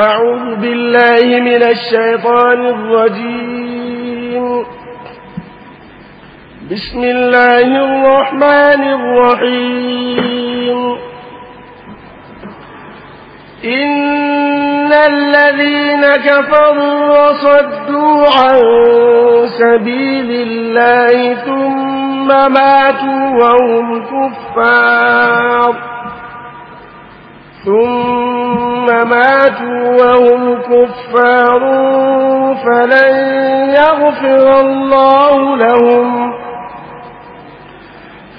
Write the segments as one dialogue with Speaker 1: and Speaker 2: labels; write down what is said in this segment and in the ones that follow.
Speaker 1: أعوذ بالله من الشيطان الرجيم بسم الله الرحمن الرحيم إن الذين كفروا وصدوا عن سبيل الله ثم ماتوا وهم كفار ثم ثم ماتوا وهم كفار فلن يغفر الله لهم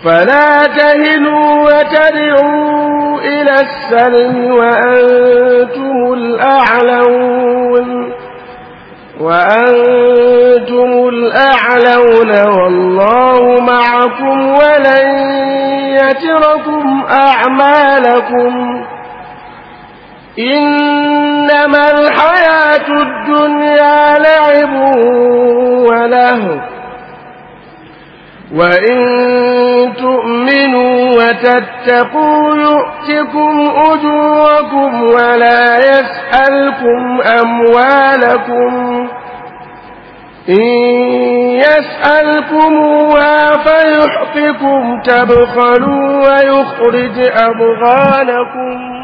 Speaker 1: فلا تهنوا وتدعوا إلى السلم وأنتم الأعلون وأنتم الأعلون والله معكم ولن يتركم أعمالكم إنما الحياة الدنيا لعب وله وإن تؤمنوا وتتقوا يؤتكم أجوركم ولا يسألكم أموالكم إن يسألكمها فيحقكم تبخلوا ويخرج أبغانكم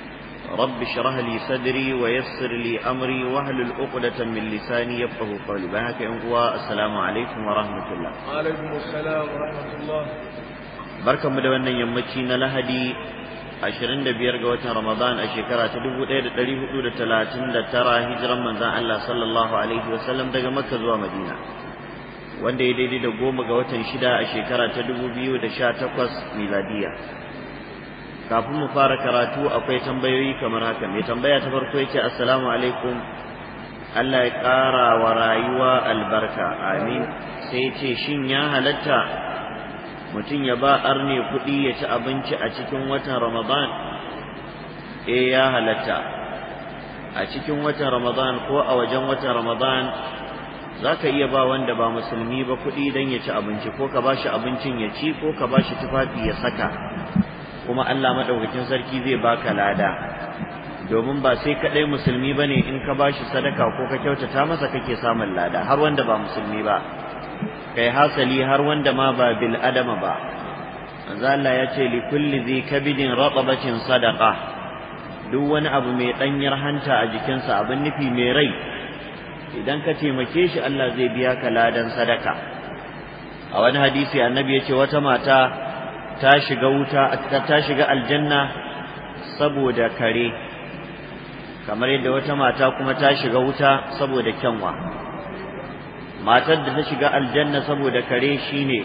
Speaker 2: رب اشرح لي صدري ويسر لي أمري واهلل عقدة من لساني يفقه قولي بهاك السلام عليكم ورحمة الله
Speaker 1: وعليكم السلام ورحمة الله
Speaker 2: da wannan yammaci na lahadi 25 ga watan ramadan a shekara ta 1439 hijiran manzan Allah sallallahu alaihi wasallam daga makka zuwa madina wanda ya daidai da goma ga watan shida a shekara ta 2018 miladiya kafin mu fara karatu akwai tambayoyi kamar haka mai tambaya ta farko yake assalamu alaikum Allah ya ƙara wa rayuwa albarka amin sai ce shin ya halatta mutum ya ba arne kuɗi ya ci abinci a cikin watan ramadan eh ya halatta a cikin watan ramadan ko a wajen watan ramadan za ka iya ba wanda ba musulmi ba kuɗi don ya ci abinci ko ka ba shi abincin ya ci ko ka ba shi tufafi ya saka kuma Allah madaukakin sarki zai baka lada domin ba sai kadai musulmi ne in ka bashi sadaka ko ka kyautata masa kake samun lada har wanda ba musulmi ba kai hasali har wanda ma ba bil adama ba manzo Allah ya ce li kulli dhi kabidin ratabatin sadaqa duk wani abu mai danyar hanta a jikinsa abin nufi mai rai idan ka taimake shi Allah zai biya ka ladan sadaka a wani hadisi annabi ya ce wata mata ta shiga wuta ta shiga aljanna saboda kare kamar yadda wata mata kuma ta shiga wuta saboda kyanwa matar da ta shiga aljanna saboda kare shine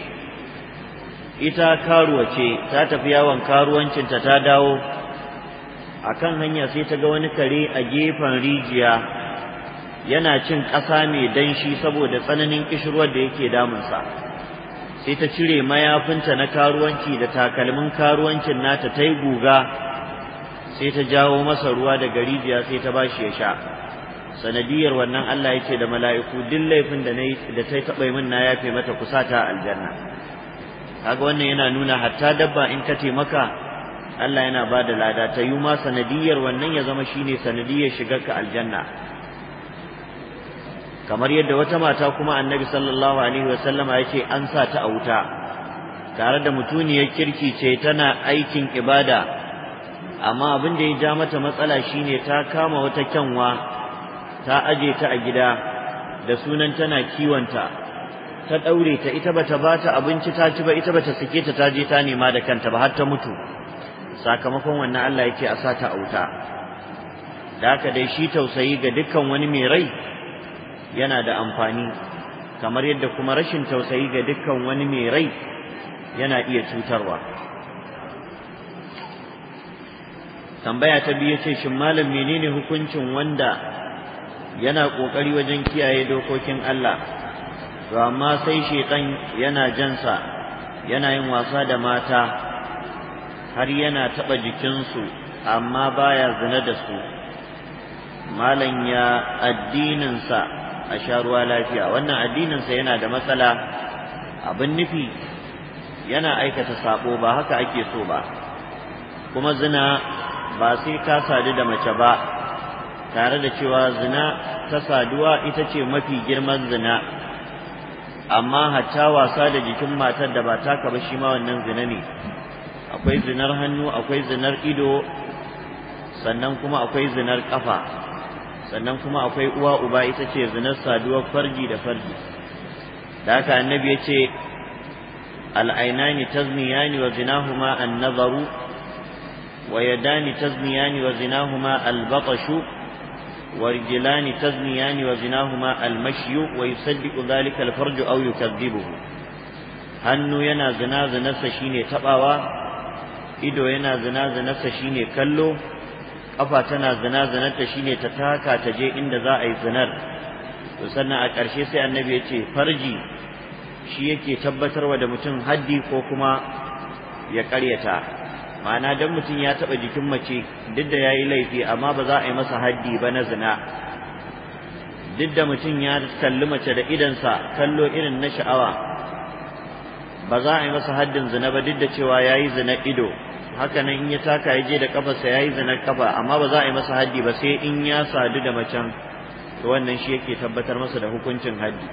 Speaker 2: ita karuwa ce ta tafi yawon karuwancinta ta dawo a kan hanya sai ta ga wani kare a gefen rijiya yana cin ƙasa mai danshi saboda tsananin kishirwar da yake damunsa sai ta cire mayafinta na karuwanci da takalmin karuwancin nata ta yi guga sai ta jawo masa ruwa daga rijiya sai ta bashi ya sha sanadiyar wannan Allah yake da mala'iku duk laifin da nayi da ta taba min na yafe mata kusata aljanna kaga wannan yana nuna hatta dabba in ka taimaka Allah yana bada lada ta yi ma sanadiyar wannan ya zama shine sanadiyar shigar ka aljanna kamar yadda wata mata kuma annabi sallallahu alaihi wasallama ya ce an sa ta a wuta tare da mutuniyar kirki ce tana aikin ibada amma abin da ya ja mata matsala shine ta kama wata kyanwa ta aje ta a gida da sunan tana kiwonta ta ɗaure ta ita bata bata abinci ta ci ba ita bata sake ta taje ta nema da kanta ba har ta mutu sakamakon wannan Allah yake a sata a wuta da haka dai shi tausayi ga dukkan wani mai rai yana da amfani kamar yadda kuma rashin tausayi ga dukkan wani mai rai yana iya cutarwa tambaya ta biyu ce shin malam menene hukuncin wanda yana ƙoƙari wajen kiyaye dokokin Allah to amma sai shekan yana jansa yana yin wasa da mata har yana taba jikinsu amma baya zina da su malam ya addininsa a sha ruwa lafiya wannan addininsa yana da matsala abin nufi yana aikata sabo ba haka ake so ba kuma zina ba sai ka sadu da mace ba tare da cewa zina ta saduwa ita ce mafi girman zina amma hatta wasa da jikin matar da ba ta ba shi ma wannan zina ne akwai zinar hannu akwai zinar ido sannan kuma akwai zinar kafa sannan kuma akwai uwa uba ita ce zinar saduwar farji da farji da haka annabi ya ce al'ainani tazniyani wa zinahuma an-nazaru wa yadani tazniyani wa zinahuma al-batashu wa rijlani tazniyani wa zinahuma al-mashyu wa yusaddiqu dhalika al-farju aw yukadhibuhu hannu yana zina zinarsa shine tabawa ido yana zina zinarsa shine kallo kafa tana zina zinarta shine ta taka ta je inda za a yi zinar to sannan a ƙarshe sai annabi ya ce farji shi yake tabbatarwa da mutum haddi ko kuma ya ƙaryata ma'ana dan mutum ya taɓa jikin mace duk da ya yi laifi amma ba za a yi masa haddi ba na zina duk da mutum ya kalli mace da idansa kallo irin na sha'awa ba za a yi masa haddin zina ba duk da cewa ya yi zina ido haka nan in ya taka ya je da kafarsa yayi zinar kafa amma ba za a yi masa haddi ba sai in ya sadu da macen to wannan shi yake tabbatar masa da hukuncin haddi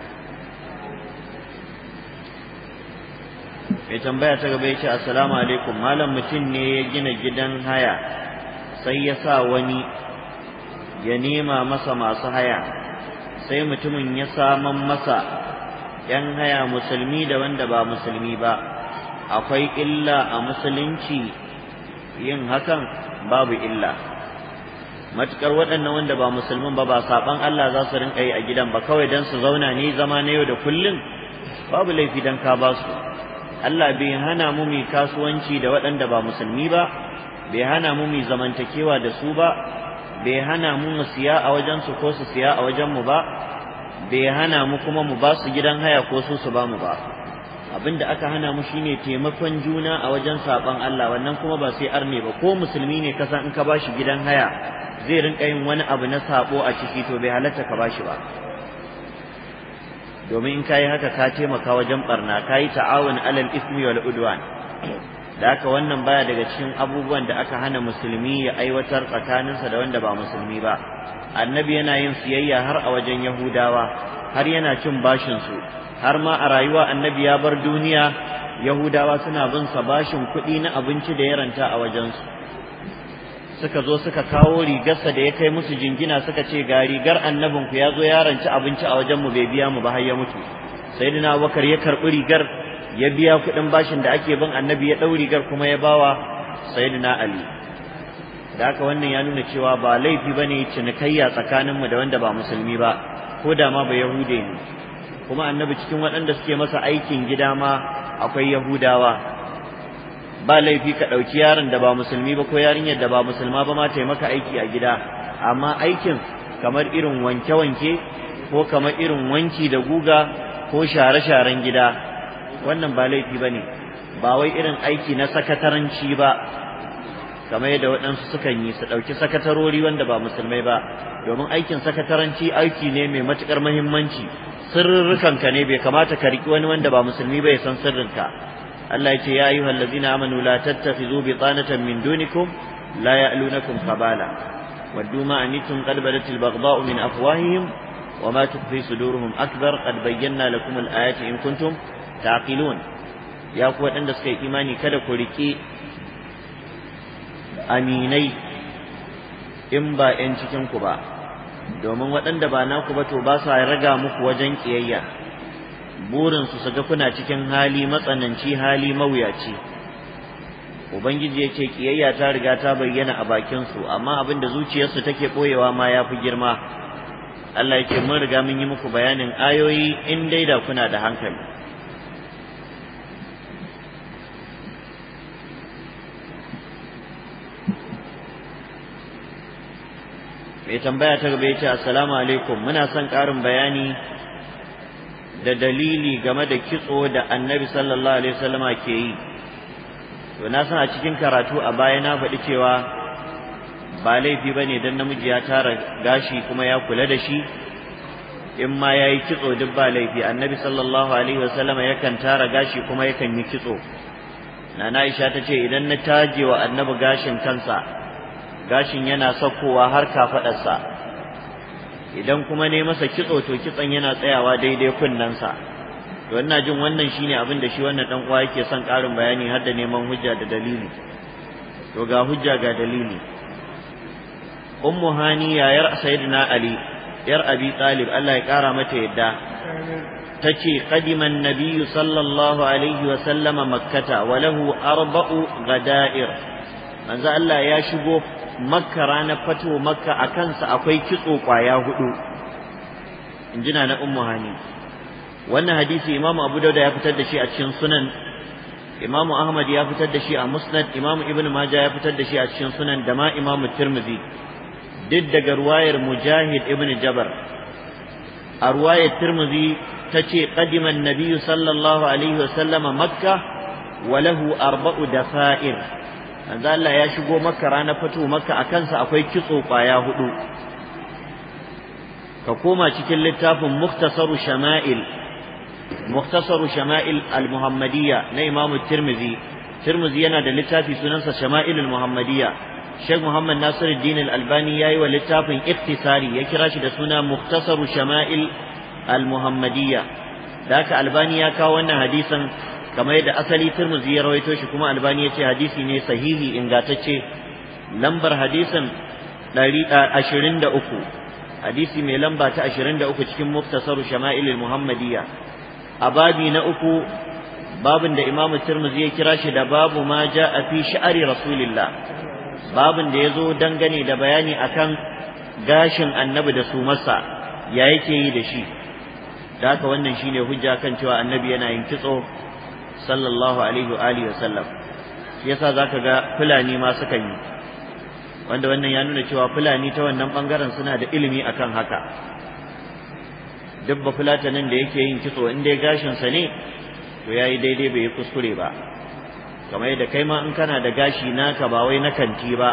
Speaker 2: mai tambaya ta gaba ya ce assalamu alaikum malam mutum ne ya gina gidan haya sai ya sa wani ya nema masa masu haya sai mutumin ya saman masa yan haya musulmi da wanda ba musulmi ba akwai illa a musulunci yin hakan babu illa matukar waɗannan wanda ba musulmin ba ba saban Allah za su rinka yi a gidan ba kawai dan su zauna ne zama na yau da kullum babu laifi dan ka ba su Allah bai hana mu mu kasuwanci da waɗanda ba musulmi ba bai hana mu mu zamantakewa da su ba bai hana mu mu siya a wajen su ko su siya a wajen mu ba bai hana mu kuma mu ba su gidan haya ko su su ba mu ba abin da aka hana mu shine taimakon juna a wajen saban Allah wannan kuma ba sai arne ba ko musulmi ne kasa in ka bashi gidan haya zai rinka yin wani abu na sabo a ciki to bai halatta ka bashi ba domin in kayi haka ka taimaka wajen barna kayi ta'awun alal ismi wal udwan da haka wannan baya daga cikin abubuwan da aka hana musulmi ya aiwatar tsakaninsa da wanda ba musulmi ba annabi yana yin siyayya har a wajen yahudawa har yana cin bashin su har ma a rayuwa annabi ya bar duniya yahudawa suna bin sa bashin kuɗi na abinci da ya ranta a wajensu suka zo suka kawo rigarsa da ya kai musu jingina suka ce ga rigar annabinku ya zo ya ranci abinci a wajenmu bai biya mu ba har ya mutu sayyidina abubakar ya karɓi rigar ya biya kuɗin bashin da ake bin annabi ya ɗau rigar kuma ya bawa sayyidina ali da haka wannan ya nuna cewa ba laifi ba ne cinikayya tsakaninmu da wanda ba musulmi ba ko da ma ba yahude ne kuma annabi cikin waɗanda suke masa aikin gida ma akwai yahudawa ba laifi ka ɗauki yaron da ba musulmi ba ko yarinyar da ba musulma ba ma taimaka aiki a gida amma aikin kamar irin wanke-wanke ko kamar irin wanki da guga ko share-sharen gida wannan ba laifi ba ne ba wai irin aiki na sakataranci ba kamar yadda waɗansu sukan yi su ɗauki sakatarori wanda ba musulmai ba domin aikin sakataranci aiki ne mai matuƙar muhimmanci sirrukan ka ne bai kamata ka riki wani wanda ba musulmi ba ya san sirrinka Allah ya ce ya ayyuhal ladzina amanu la tattakhizu bitanatan min dunikum la ya'lunakum khabala ودوا ما أنتم قد بدت البغضاء من أفواههم وما تخفي صدورهم أكبر in kuntum taqilun ya ku wadanda suka yi imani kada ku riki aminai in ba yan cikin ku ba domin waɗanda ba naku ba to ba sa raga muku wajen ƙiyayya. Burinsu su ga kuna cikin hali matsananci hali mawuyaci ubangiji ya ce ƙiyayya ta riga ta bayyana a bakinsu, amma abin da zuciyarsu take ɓoyewa ma ya fi girma Allah ya ce mun riga mun yi muku bayanin ayoyi in dai da kuna da hankali mai tambaya ta gaba yace assalamu alaikum muna son karin bayani da dalili game da kitso da annabi sallallahu alaihi wasallama ke yi to na san a cikin karatu a baya na faɗi cewa ba laifi ba ne dan namiji ya tara gashi kuma ya kula da shi in ma yayi kitso duk ba laifi annabi sallallahu alaihi wasallama yakan tara gashi kuma yakan yi kitso nana Aisha ta ce idan na taje wa annabi gashin kansa gashin yana saukowa har kafaɗarsa idan kuma ne masa kitso to kitson yana tsayawa daidai kunnensa to ina jin wannan shine abin da shi wannan dan uwa yake son ƙarin bayani har da neman hujja da dalili to ga hujja ga dalili ummu haniya yayar sayyidina ali yar abi talib Allah ya kara mata yadda tace qadiman nabiyyu sallallahu alaihi wa sallama makkata wa lahu arba'u ghada'ir manzo Allah ya shigo makka ranar fatuwa makka a kansa akwai kitso kwaya hudu in jina na ummu hani wannan hadisi imamu abu dauda ya fitar da shi a cikin sunan imamu ahmad ya fitar da shi a musnad imamu ibnu majah ya fitar da shi a cikin sunan da ma imamu tirmidhi duk daga ruwayar mujahid ibnu jabar a ruwayar tirmidhi tace qadima an-nabiy sallallahu alaihi wa sallama makka wa lahu arba'u dafa'ir manzo Allah ya shigo makka ranar fito makka a kansa akwai kitso kwaya hudu ka koma cikin littafin muktasaru shama'il muktasaru shama'il al-muhammadiyya na imam tirmizi tirmizi yana da littafi sunansa shama'il al-muhammadiyya Sheikh Muhammad Nasiruddin Al-Albani yayi wa littafin iktisari ya kira shi da suna muktasaru shama'il al-muhammadiyya da haka albani ya kawo wannan hadisin kamar yadda asali turmuzi ya rawaito shi kuma Albani ya ce hadisi ne sahihi ingantacce lambar hadisin uku, hadisi mai lamba ta 23 cikin muftasaru shama'ilil muhammadiyya a babi na uku babin da imamu Tirmidhi ya kira shi da babu ma ja'a fi sha'ri rasulillah babin da yazo dangane da bayani akan gashin annabi da su masa ya yake yi da shi da haka wannan shine hujja kan cewa annabi yana yin kitso sallallahu alaihi wa alihi wasallam shi yasa zaka ga fulani ma suka yi wanda wannan ya nuna cewa fulani ta wannan bangaren suna da ilimi akan haka duk ba fulatanin da yake yin kitso in dai gashin sa ne to yayi daidai bai kuskure ba kamar yadda kai ma in kana da gashi naka ba wai na kanti ba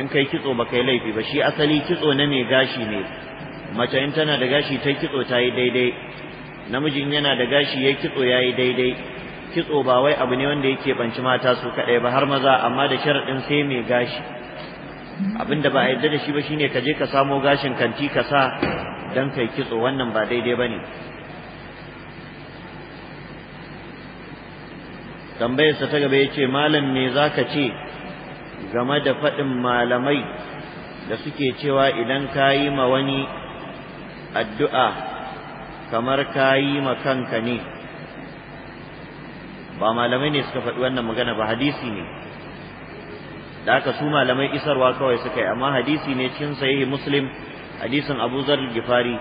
Speaker 2: in kai kitso ba kai laifi ba shi asali kitso na mai gashi ne mace in tana da gashi ta kitso ta yi daidai namijin yana da gashi ya kitso ya yi daidai kitso ba wai abu ne wanda yake banci mata su kadai ba har maza amma da sharadin sai mai gashi abinda ba a yarda da shi ba shine ka je ka samo gashin kanti ka sa dan kai kitso wannan ba daidai bane tambayar sa ta gaba ya ce malam me zaka ce game da faɗin malamai da suke cewa idan ka yi ma wani addu'a kamar ka yi ma kanka ne ba malamai ne suka faɗi wannan magana ba hadisi ne da aka su malamai isarwa kawai suka yi amma hadisi ne cikin sahihi muslim hadisin abu zar gifari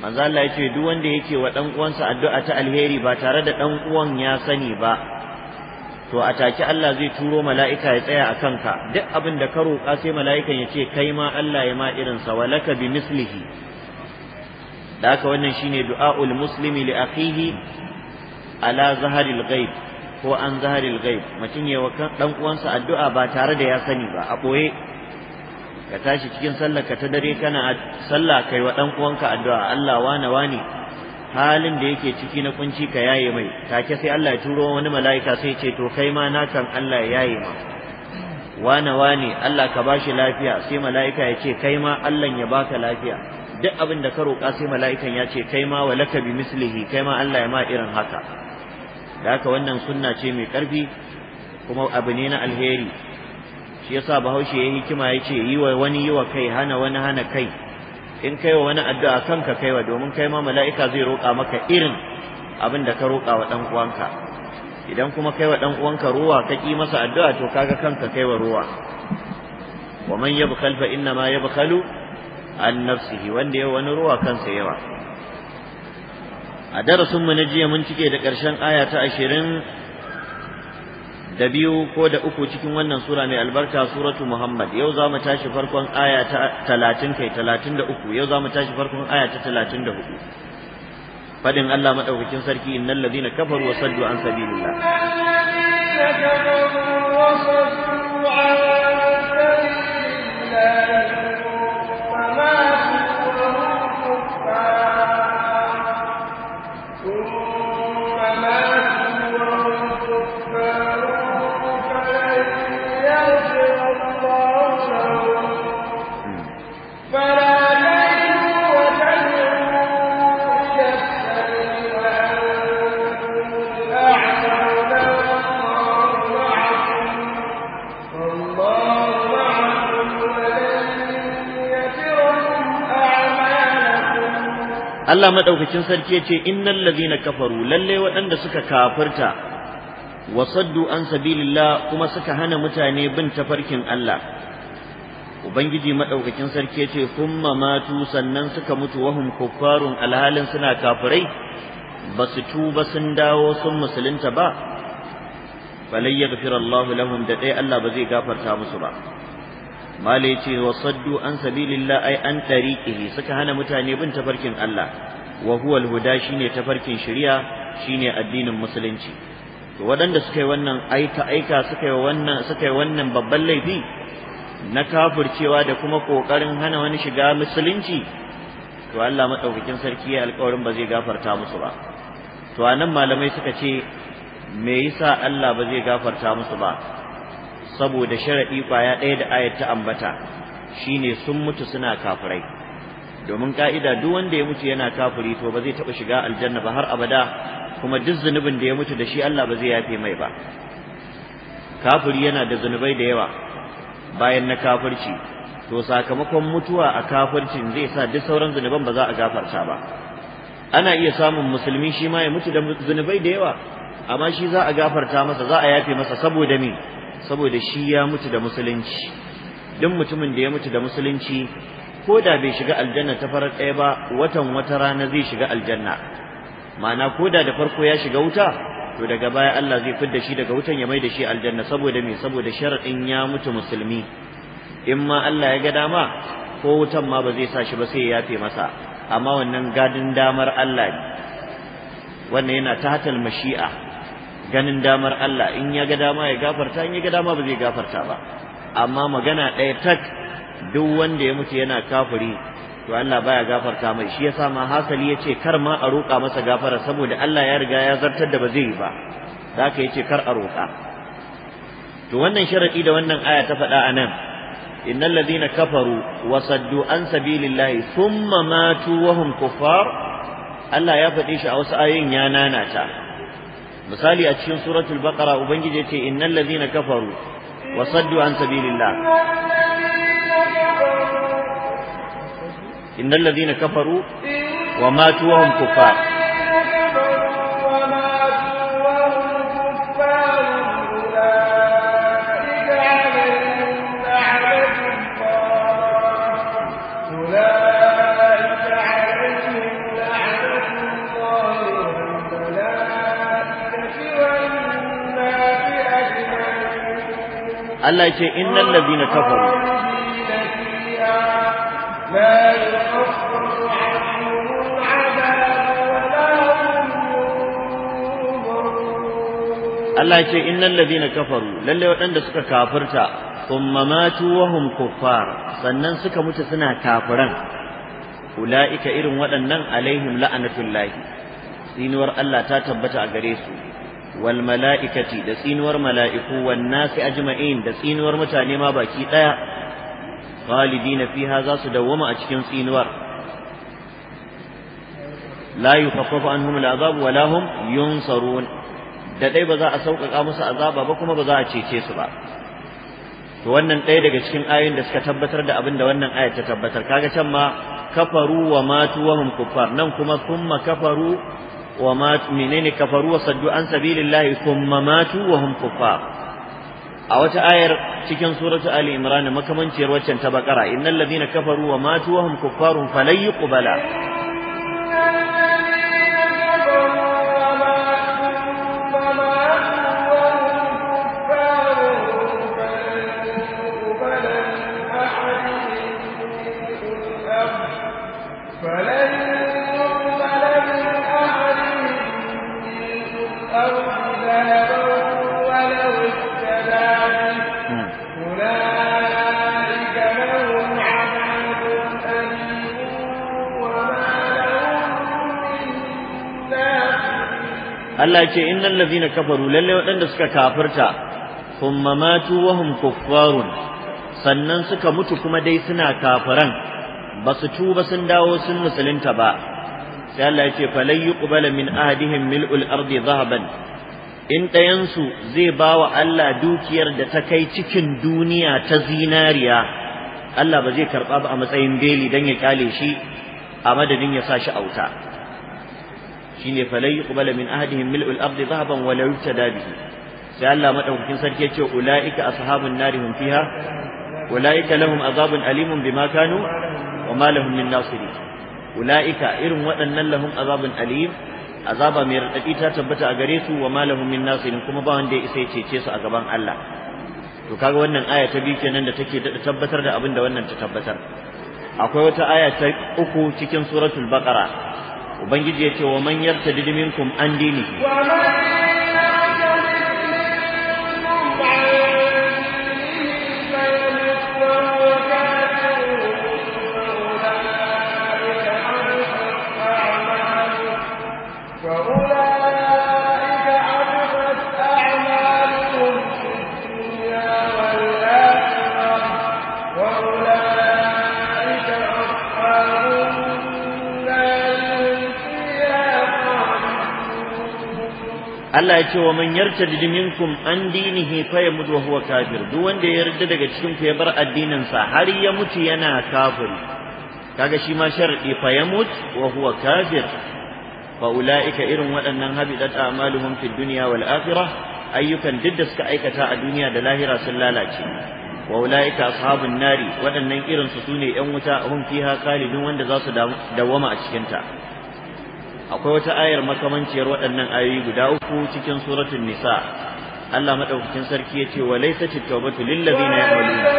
Speaker 2: manzo Allah ya ce duk wanda yake wa dan uwansa addu'a ta alheri ba tare da dan uwan ya sani ba to a take Allah zai turo mala'ika ya tsaya a kanka duk abin da ka roƙa sai mala'ikan ya ce kai ma Allah ya ma irinsa, sa walaka bi mislihi da haka wannan shine du'aul muslimi li akhihi ala zaharil ghaib ko an zaharil ghaib mutum ya wakan dan uwansa addu'a ba tare da ya sani ba a boye ka tashi cikin sallar ka ta dare kana sallah kai wa dan uwanka addu'a Allah wane wane halin da yake ciki na kunci ka yaye mai take sai Allah ya turo wani mala'ika sai ce to kai ma nakan Allah ya yaye ma wane wane Allah ka bashi lafiya sai mala'ika ya ce kai ma Allah ya baka lafiya duk abin da ka roƙa sai mala'ikan ya ce kai ma walaka bi mislihi kai ma Allah ya ma irin haka da haka wannan sunna ce mai ƙarfi kuma abu ne na alheri shi yasa bahaushe ya hikima ya ce yi wa wani yi wa kai hana wani hana kai in kai wa wani addu'a kanka kaiwa domin kai ma mala'ika zai roƙa maka irin abin da ka roƙa wa ɗan uwanka idan kuma kai wa ɗan uwanka ruwa ka ƙi masa addu'a to kaga kanka kaiwa ruwa wa man yabkhal fa inna ma yabkhalu an nafsihi wanda ya wani ruwa kansa yawa a darasin mu na jiya mun cike da ƙarshen aya ta ashirin da biyu ko da uku cikin wannan sura mai albarka suratu muhammad yau za mu tashi farkon aya ta talatin kai talatin da uku yau za mu tashi farkon aya ta talatin da hudu fadin allah maɗaukakin sarki innal ladina kafaru wa saddu an sabilillah Allah madaukakin sarki yace innal na kafaru lalle waɗanda suka kafirta wasaddu an sabilillah kuma suka hana mutane bin tafarkin Allah ubangiji madaukakin sarki yace kuma matu sannan suka mutu wahum kuffarun alhalin suna kafirai basu tuba sun dawo sun musulunta ba falai yaghfirallahu lahum da dai Allah ba zai gafarta musu ba mala yace wa saddu an sabilillah ai an tariqihi suka hana mutane bin tafarkin Allah wa huwa alhuda shine tafarkin shari'a shine addinin musulunci to waɗanda suka yi wannan aika aika suka yi wannan suka yi wannan babban laifi na kafircewa da kuma kokarin hana wani shiga musulunci to Allah madaukakin sarki ya alƙawarin ba zai gafarta musu ba to anan malamai suka ce me yasa Allah ba zai gafarta musu ba saboda sharadi ƙwaya ɗaya da ayat ta ambata shine sun mutu suna kafirai domin ka'ida duk wanda ya mutu yana kafiri to ba zai taɓa shiga aljanna ba har abada kuma duk zunubin da ya mutu da shi Allah ba zai yafe mai ba kafiri yana da zunubai da yawa bayan na kafirci to sakamakon mutuwa a kafircin zai sa duk sauran zunuban ba za a gafarta ba ana iya samun musulmi shi ma ya mutu da zunubai da yawa amma shi za a gafarta masa za a yafe masa saboda me saboda shi ya mutu da musulunci duk mutumin da ya mutu da musulunci ko da bai shiga aljanna ta farar ɗaya ba watan wata rana zai shiga aljanna ma'ana ko da da farko ya shiga wuta to daga baya Allah zai fidda shi daga wutan ya mai da shi aljanna saboda me saboda sharadin ya mutu musulmi in ma Allah ya ga dama ko wutan ma ba zai sa shi ba sai ya yafe masa amma wannan gadin damar Allah ne wannan yana tahatal mashi'a ganin damar Allah in ya ga dama ya gafarta in ya ga dama ba zai gafarta ba amma magana ɗaya tak duk wanda ya mutu yana kafiri to Allah baya gafarta mai shi yasa ma hasali yace kar ma a roƙa masa gafara saboda Allah ya riga ya zartar da ba zai yi ba zaka yace kar a roƙa to wannan sharadi da wannan aya ta faɗa anan innal ladina kafaru wa saddu an sabilillahi thumma matu wa hum kuffar Allah ya faɗi shi a wasu ayoyin ya nanata misali a cikin suratul baqara ubangiji ya ce innal ladzina kafaru wa saddu an sabilillah innal ladzina kafaru wa matu wa hum kuffar
Speaker 1: Allah ce innal ladina kafaru Allah ce
Speaker 2: innal ladina kafaru lalle waɗanda suka kafirta thumma matu wa hum kuffar sannan suka mutu suna kafiran ulaika irin waɗannan alaihim la'anatullahi sinuwar Allah ta tabbata a gare su Walmalaikati da tsinuwar mala'iku wan nasi ajma'in da tsinuwar mutane ma baki daya khalidina fiha za su dawwama a cikin tsinuwar la yukhaffafu anhum al'azab wa lahum yunsarun da dai ba za a sauƙaƙa musu azaba ba kuma ba za a cece su ba to wannan ɗaya daga cikin ayoyin da suka tabbatar da abinda da wannan ayat ta tabbatar kaga can ma kafaru wa matu kuffar nan kuma thumma kafaru ومات منين كفروا وصدوا عن سبيل الله ثم ماتوا وهم كفار أو تآير تكن سورة آل إمران ما تير وچن تبقرا إن الذين كفروا وماتوا وهم كفار فلن يقبلا Allah ce innal ladhina kafaru lalle waɗanda suka kafirta thumma matu wa hum kuffarun sannan suka mutu kuma dai suna kafiran ba su tuba sun dawo sun musulunta ba sai Allah ya ce falan yuqbala min ahadihim mil'ul ardi dhahaban in ɗayansu zai ba wa Allah dukiyar da ta kai cikin duniya ta zinariya Allah ba zai karɓa ba a matsayin beli don ya kyale shi a madadin ya sa shi auta shine falai yuqbala min ahadihim mil'ul ardi dhahaban wa la yuftada bihi sai Allah madaukakin sarki yace ulaika ashabun nari hum fiha ulaika lahum azabun alimun bima kanu wa ma lahum min ulaika irin waɗannan lahum azabun alim azaba mai radadi ta tabbata a gare su wa ma lahum min kuma ba wanda ya isa ya cece su a gaban Allah to kaga wannan aya ta biyu kenan da take da tabbatar da abin da wannan ta tabbatar akwai wata aya ta uku cikin suratul baqara ubangiji ya ce wa man yartadid kum an dini Allah ya ce wa man yartadi minkum an dinihi fa yamut wa huwa kafir duk wanda ya yarda daga cikin ku ya bar addinin sa har ya mutu yana kafiri kaga shi ma sharadi fa yamut wa huwa kafir fa ulaika irin waɗannan habidat a'maluhum fid dunya wal akhirah ayyukan duk da suka aikata a duniya da lahira sun lalace wa ulaika ashabun nari waɗannan irin su sune yan wuta hum fiha khalidun wanda za su dawama a cikin ta akwai wata ayar makamanciyar waɗannan ayoyi guda uku cikin suratun nisa Allah madaukakin sarki yace wa laysat at-tawbatu lil ladina ya'maluna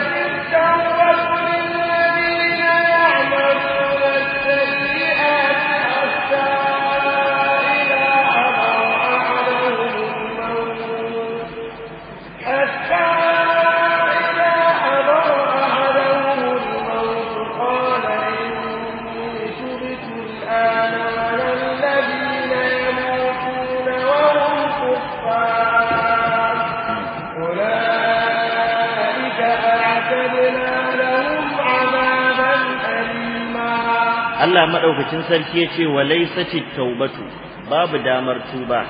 Speaker 2: Allah madaukakin sarki yace walaysatit taubatu babu damar tuba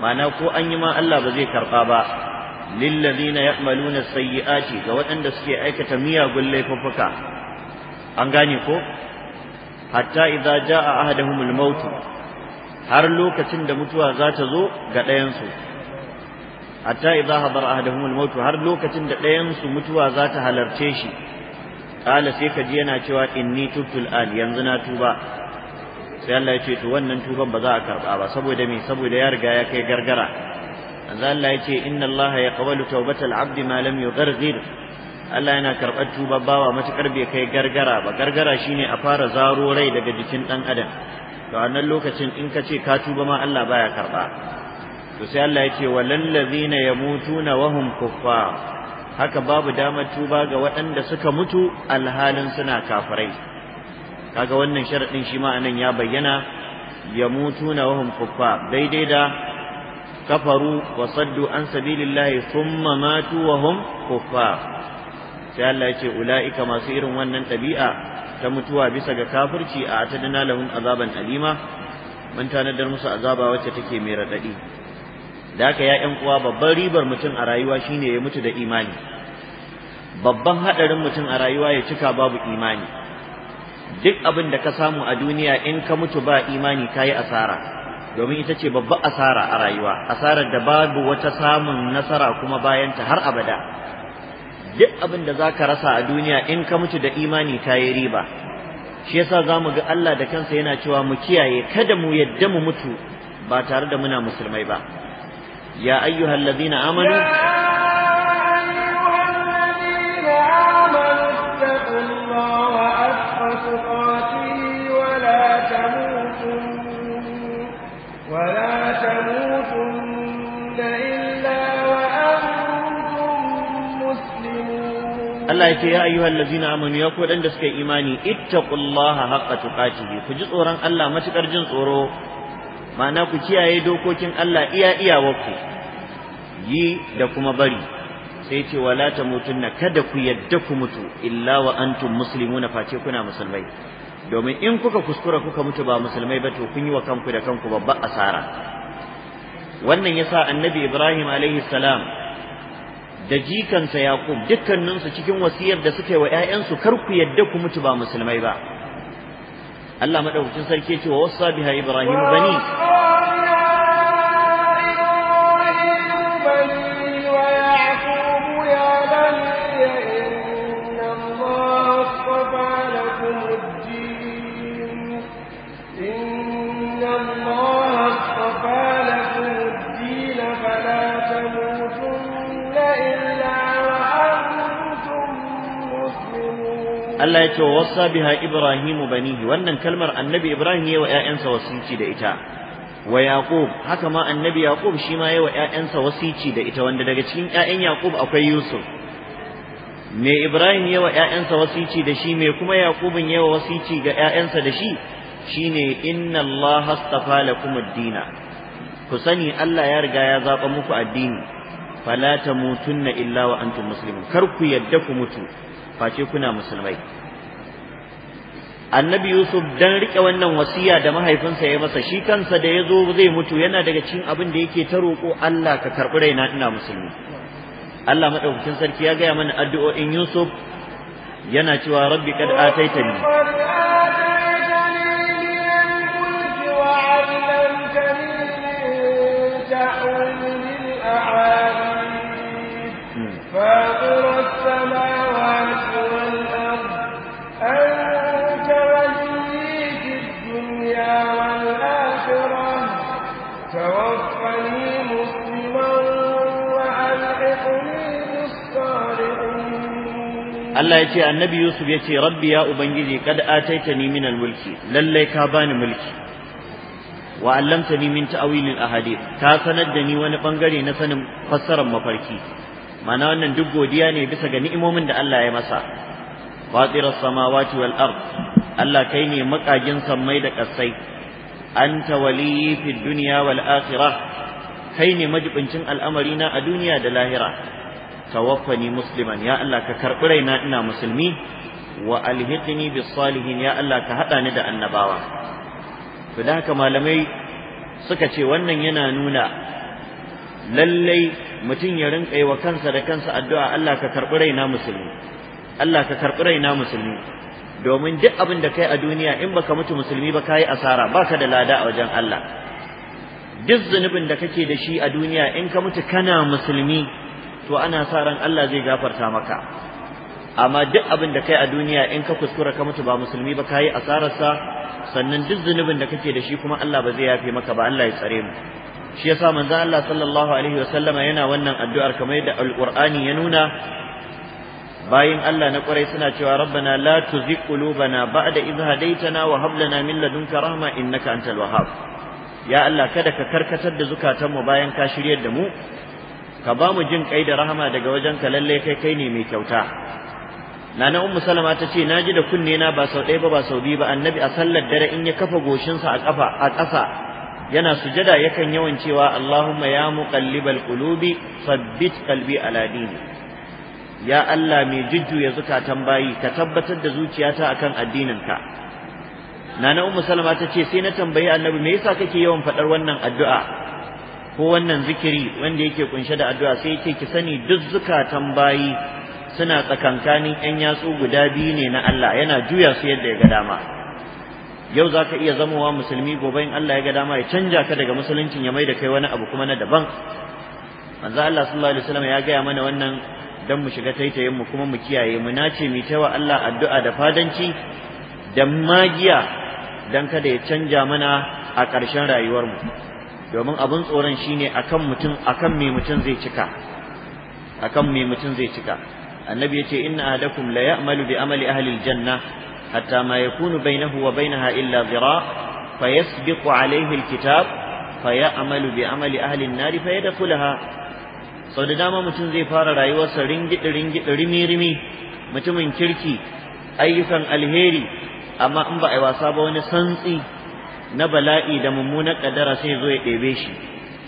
Speaker 2: mana ko an yi ma Allah ba zai karba ba lilladheena ya'maluna sayyi'ati ga waɗanda suke aikata miyagun laifuffuka an gane ko hatta idza jaa ahaduhumul maut har lokacin da mutuwa za ta zo ga ɗayansu hatta idza hadara ahaduhumul maut har lokacin da ɗayansu mutuwa za ta halarce shi qala sai kaji yana cewa inni tubtul al yanzu na tuba sai Allah ya ce to wannan tuban ba za a karba ba saboda me saboda ya riga ya kai gargara manzo Allah ya ce inna Allah yaqbalu tawbatal abdi ma lam yughargir Allah yana karɓar tuba bawa matukar bai kai gargara ba gargara shine a fara zaro rai daga jikin dan adam to a nan lokacin in ka ce ka tuba ma Allah baya karba to sai Allah ya ce walal ya yamutuna wa hum kuffar haka babu damar tuba ga waɗanda suka mutu alhalin suna kafirai kaga wannan sharadin shi ma anan ya bayyana ya mutu na wahum kuffa daidai da kafaru wa saddu an sabilillahi thumma matu wahum kuffa sai Allah ya ce ula'ika masu irin wannan ɗabi'a ta mutuwa bisa ga kafirci a atadna lahum azaban alima mun tanadar musu azaba wacce take mai radadi. da haka ya ƴan uwa babban ribar mutum a rayuwa shine ya mutu da imani babban hadarin mutum a rayuwa ya cika babu imani duk abin da ka samu a duniya in ka mutu ba imani kayi asara domin ita ce babban asara a rayuwa asarar da babu wata samun nasara kuma bayan ta har abada duk abin da zaka rasa a duniya in ka mutu da imani kayi riba shi yasa zamu ga Allah da kansa yana cewa mu kiyaye kada mu yadda mu mutu ba tare da muna musulmai ba يا أيها الذين آمنوا
Speaker 1: Allah yake ya ayyuhal
Speaker 2: ladzina amanu ya ku dan da suka imani ittaqullaha haqqa tuƙaci, ku ji tsoron Allah matukar jin tsoro ma'ana ku kiyaye dokokin Allah iya iyawarku yi da kuma bari sai ce wala ta mutunna kada ku yadda ku mutu illa wa antum muslimuna face kuna musulmai domin in kuka kuskura kuka mutu ba musulmai ba to kun yi wa kanku da kanku babba asara wannan yasa annabi Ibrahim alaihi salam da jikansa Yaqub dukkaninsu cikin wasiyar da suka yi wa 'ya'yansu kar ku yadda ku mutu ba musulmai ba الله مدعو جنسر كيتي ووصى بها إبراهيم بنيه Allah ya ce wa wasa biha Ibrahimu banihi wannan kalmar annabi Ibrahim ya wa ƴaƴansa wasici da ita wa Yaqub haka ma annabi Yaqub shi ma ya wa ƴaƴansa wasici da ita wanda daga cikin ƴaƴan Yaqub akwai Yusuf me Ibrahim ya wa ƴaƴansa wasici da shi me kuma Yaqubin ya wa wasici ga ƴaƴansa da shi shine inna Allah astafa lakum ad-dina ku sani Allah ya riga ya zaba muku addini fala tamutunna illa wa antum muslimun kar ku yadda ku mutu face kuna musulmai annabi yusuf dan rike wannan wasiya da mahaifinsa ya masa shi kansa da ya zo zai mutu yana daga cikin abin da yake ta roƙo Allah ka karɓi raina ina musulmi Allah madaukakin sarki ya gaya mana addu'o'in yusuf yana cewa rabbi kad ataitani Allah ya ce annabi Yusuf ya ce rabbi ya ubangiji kad ataitani min mulki lallai ka bani mulki wa allamtani min ta'wil al-ahadith ka sanar da ni wani bangare na sanin fassarar mafarki ma'ana wannan duk godiya ne bisa ga ni'imomin da Allah ya masa fatiras samawati wal ard Allah kai ne makagin sammai da kasai anta waliyyi fid dunya wal akhirah kai ne majibincin al'amari na a duniya da lahira tawaffani musliman ya Allah ka karɓi raina ina musulmi wa alhiqni bis salihin ya Allah ka haɗa ni da annabawa to da haka malamai suka ce wannan yana nuna lallai mutum ya rinka yi wa kansa da kansa addu'a Allah ka karɓi raina musulmi Allah ka karɓi raina musulmi domin duk abin da kai a duniya in baka mutu musulmi ba kai asara baka da lada a wajen Allah duk zunubin da kake da shi a duniya in ka mutu kana musulmi to ana sa ran Allah zai gafarta maka amma duk abin da kai a duniya in ka kuskura ka mutu ba musulmi ba kai asararsa sannan duk zunubin da kake da shi kuma Allah ba zai yafe maka ba Allah ya tsare mu shi yasa manzo Allah sallallahu alaihi wasallama yana wannan addu'ar kamar yadda alqur'ani ya nuna bayin Allah na kwarai suna cewa rabbana la tuzigh qulubana ba'da idh hadaytana wa hab lana min ladunka rahma innaka antal wahhab ya Allah kada ka karkatar da zukatanmu bayan ka shiryar da mu ka ba mu jin kai da rahama daga wajen ka lalle kai kai ne mai kyauta nana ummu salama ta ce naji da kunne na ba sau ɗaya ba ba sau biyu ba annabi a sallar dare in ya kafa goshinsa a kafa a ƙasa yana sujada yakan yawan cewa Allahumma ya muqallibal qulubi sabbit qalbi ala dini ya Allah mai ya zuka tambayi, ka tabbatar da zuciyata akan addininka nana ummu salama ta ce sai na tambayi annabi me yasa kake yawan faɗar wannan addu'a ko wannan zikiri wanda yake kunshe da addu'a sai yake ki sani duk zukatan bayi suna tsakankanin ƴan yatsu guda biyu ne na Allah yana juya su yadda ya ga dama yau zaka iya zamowa musulmi gobe in Allah ya ga dama ya canja ka daga musuluncin ya mai da kai wani abu kuma na daban manzo Allah sallallahu alaihi wasallam ya gaya mana wannan dan mu shiga taitayen mu kuma mu kiyaye mu nace mu ta wa Allah addu'a da fadanci da magiya dan kada ya canja mana a ƙarshen rayuwar mu domin abin tsoron shine akan mutum akan me mutum zai cika akan me mutum zai cika annabi yace inna adakum la ya'malu bi amali ahli aljanna hatta ma yakunu bainahu wa bainaha illa zira' fayasbiqu alayhi alkitab fayamalu bi amali ahli an-nar fayadkhulaha so da dama mutum zai fara rayuwarsa ringidi ringidi rimi rimi mutumin kirki ayyukan alheri amma in ba ai wasa ba wani santsi na bala'i da mummunar kadara sai zo ya ɗebe shi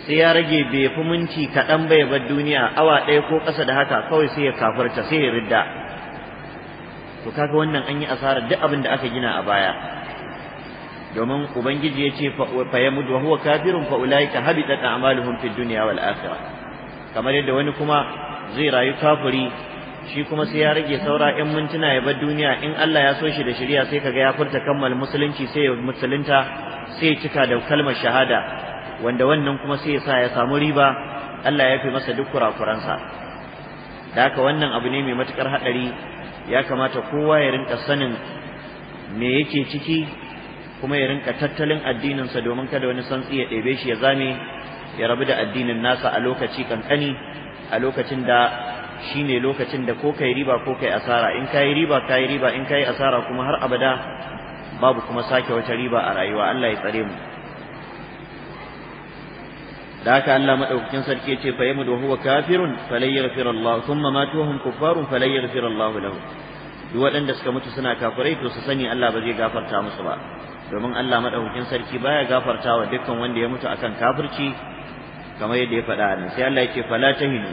Speaker 2: sai ya rage bai fi minti kaɗan bai bar duniya awa ɗaya ko ƙasa da haka kawai sai ya kafirta sai ya ridda to kaga wannan an yi asarar duk abin da aka gina a baya domin ubangiji ya ce fa yamud wa huwa kafirun fa ulaika habitat a'maluhum fid dunya wal akhirah kamar yadda wani kuma zai rayu kafiri shi kuma sai ya rage saura 'Yan mintuna ya bar duniya in Allah ya so shi da shari'a sai kaga ya furta kammal musulunci sai ya musulunta sai ya cika da kalmar shahada wanda wannan kuma sai ya sa ya samu riba Allah ya fi masa duk kurakuransa da haka wannan abu ne mai matukar hadari ya kamata kowa ya rinka sanin me yake ciki kuma ya rinka tattalin addininsa domin kada wani santsi ya ɗebe shi ya zame ya rabu da addinin nasa a lokaci kankani a lokacin da shine lokacin da ko kai riba ko kai asara in kai riba kai riba in kai asara kuma har abada babu kuma sake wata riba a rayuwa Allah ya tsare mu da haka Allah madaukakin sarki yace fa yamud da huwa kafirun falay yaghfir Allah thumma matuhum kuffarun falay Allah duk waɗanda suka mutu suna kafirai to su sani Allah ba zai gafarta musu ba domin Allah madaukakin sarki baya gafartawa dukkan wanda ya mutu akan kafirci kamar yadda ya faɗa nan sai Allah ya ce fala tahinu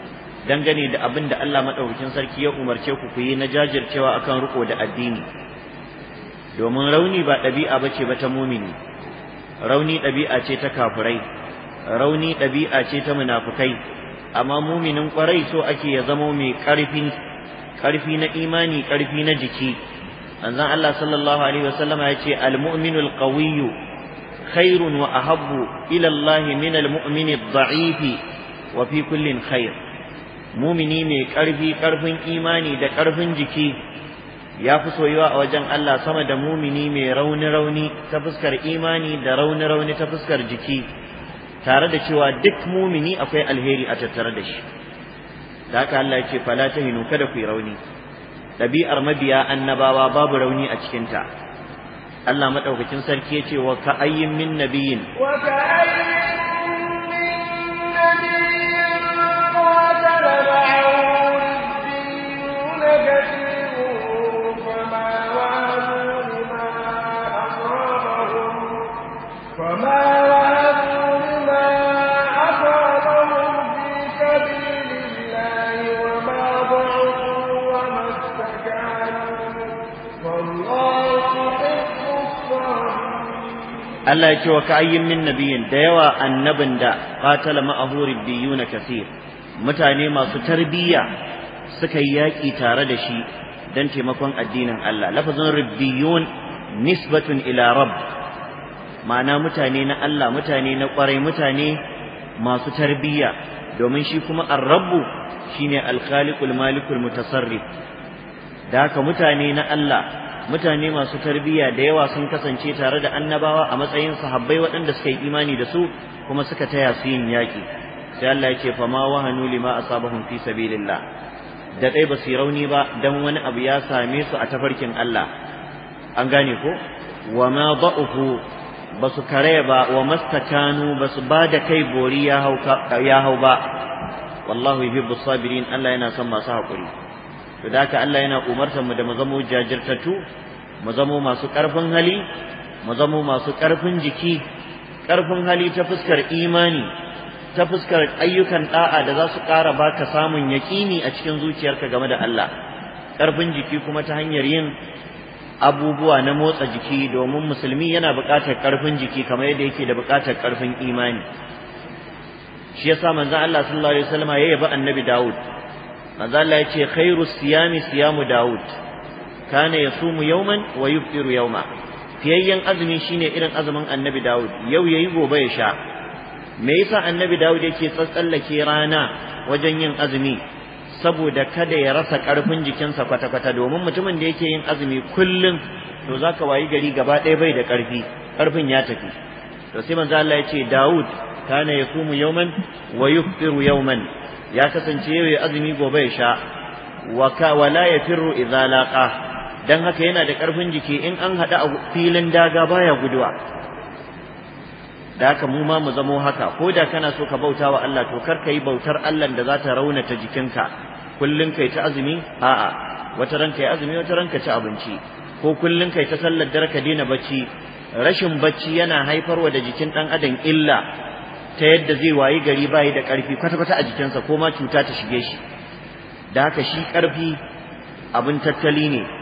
Speaker 2: dangane da abin da Allah maɗaukakin sarki ya umarce ku ku yi na jajircewa akan riko da addini domin rauni ba ɗabi'a bace ba ta mumini rauni ɗabi'a ce ta kafurai. rauni ɗabi'a ce ta munafukai amma muminin kwarai so ake ya zamo mai ƙarfi na imani ƙarfi na jiki anzan Allah sallallahu alaihi wasallama ya ce almu'minul qawiyyu khairun wa ahabbu ila Allah min almu'mini dha'ifi wa fi kullin khair mumini mai ƙarfi ƙarfin imani da ƙarfin jiki ya fi soyuwa a wajen Allah sama da mumini mai rauni-rauni ta fuskar imani da rauni-rauni ta fuskar jiki tare da cewa duk mumini akwai alheri a tattare da shi da haka Allah ya ce fala hinu, kada ku yi rauni ɗabi'ar mabiya annabawa babu rauni a cikinta Allah maɗaukakin sarki ya ce wa ka'ayyin min nabiyin
Speaker 1: wa ka'ayyin
Speaker 2: Allah ya ce wa ka'ayyin min nabiyin da yawa annabin da qatala ma'ahu na kaseer mutane masu tarbiyya suka yi yaki tare da shi dan taimakon addinin Allah lafazin riddiyun nisbatun ila rabb ma'ana mutane na Allah mutane na kwarai mutane masu tarbiyya domin shi kuma ar rabb shine al-khaliqul malikul mutasarrif da haka mutane na Allah mutane masu tarbiyya da yawa sun kasance tare da annabawa a matsayin sahabbai waɗanda suka yi imani da su kuma suka taya su yin yaƙi sai Allah ya ce fa ma wahanu lima asabahum fi sabilillah da dai ba su rauni ba dan wani abu ya same su a tafarkin Allah an gane ko wa ma da'ufu ba su kare ba wa mastakanu ba su ba da kai bori ya hau ba wallahu yuhibbu sabirin Allah yana son masu haƙuri to da haka Allah yana umartar mu da mu zamo jajirtattu mu zamo masu ƙarfin hali mu zamo masu ƙarfin jiki ƙarfin hali ta fuskar imani ta fuskar ayyukan da'a da za su ƙara baka samun yaƙini a cikin zuciyarka game da Allah ƙarfin jiki kuma ta hanyar yin abubuwa na motsa jiki domin musulmi yana buƙatar ƙarfin jiki kamar yadda yake da buƙatar ƙarfin imani shi yasa manzon Allah sallallahu alaihi wasallam ya yabi annabi Dawud manzon Allah ya ce khairu siyami siyamu Dawud kana yasumu yawman wa yuftiru yawma fiyayyen azumi shine irin azumin annabi Dawud yau yayi gobe ya sha me yasa annabi Dawud yake tsatsallake rana wajen yin azumi saboda kada ya rasa karfin jikinsa kwata-kwata domin mutumin da yake yin azumi kullum to zaka wayi gari gaba ɗaya bai da karfi karfin ya tafi to sai manzo Allah ya ce Dawud kana yasumu yawman wa yuftiru yawman ya kasance yau ya azumi gobe ya sha wa ka wala yafirru idza laqa dan haka yana da ƙarfin jiki in an haɗu a filin daga baya guduwa da haka mu ma mu zamo haka ko da kana so ka bauta wa Allah to kar ka yi bautar Allah da za ta raunata jikinka kullum kai ta azumi a'a wata ran kai azumi wata ran ka ci abinci ko kullum kai ta sallar dare ka daina bacci rashin bacci yana haifarwa da jikin ɗan adam illa ta yadda zai wayi gari bayi da ƙarfi kwata-kwata a jikinsa ko ma cuta ta shige shi da haka shi ƙarfi abin tattali ne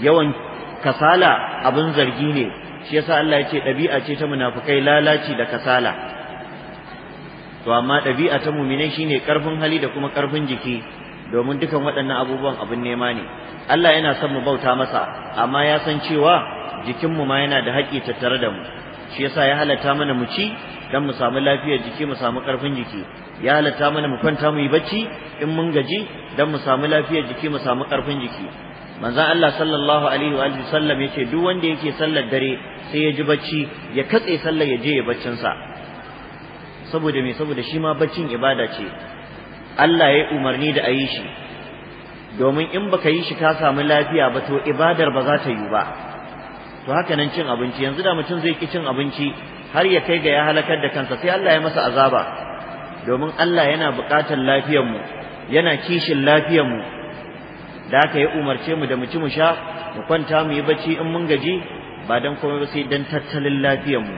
Speaker 2: yawan kasala abin zargi ne shi yasa Allah ya ce ɗabi'a ce ta munafukai lalaci da kasala to amma ɗabi'a ta muminai shine ƙarfin hali da kuma ƙarfin jiki domin dukan waɗannan abubuwan abin nema ne Allah yana son mu bauta masa amma ya san cewa jikinmu ma yana da haƙƙi tattare da mu shi yasa ya halatta mana mu ci dan mu samu lafiyar jiki mu samu ƙarfin jiki ya halatta mana mu kwanta mu yi bacci in mun gaji dan mu samu lafiyar jiki mu samu ƙarfin jiki manzon Allah sallallahu alaihi wa sallam yace duk wanda yake sallar dare sai ya ji bacci ya katse sallar ya je ya baccin sa saboda me saboda shi ma baccin ibada ce Allah ya umarni da ayi shi domin in baka yi shi ka samu lafiya ba to ibadar ba za ta yi ba to haka nan cin abinci yanzu da mutum zai ki cin abinci har ya kai ga ya halakar da kansa sai Allah ya masa azaba domin Allah yana buƙatar lafiyar mu yana kishin lafiyar mu da haka yi umarce mu da mu ci mu sha mu kwanta mu yi bacci in mun gaji ba dan komai ba sai dan tattalin lafiyar mu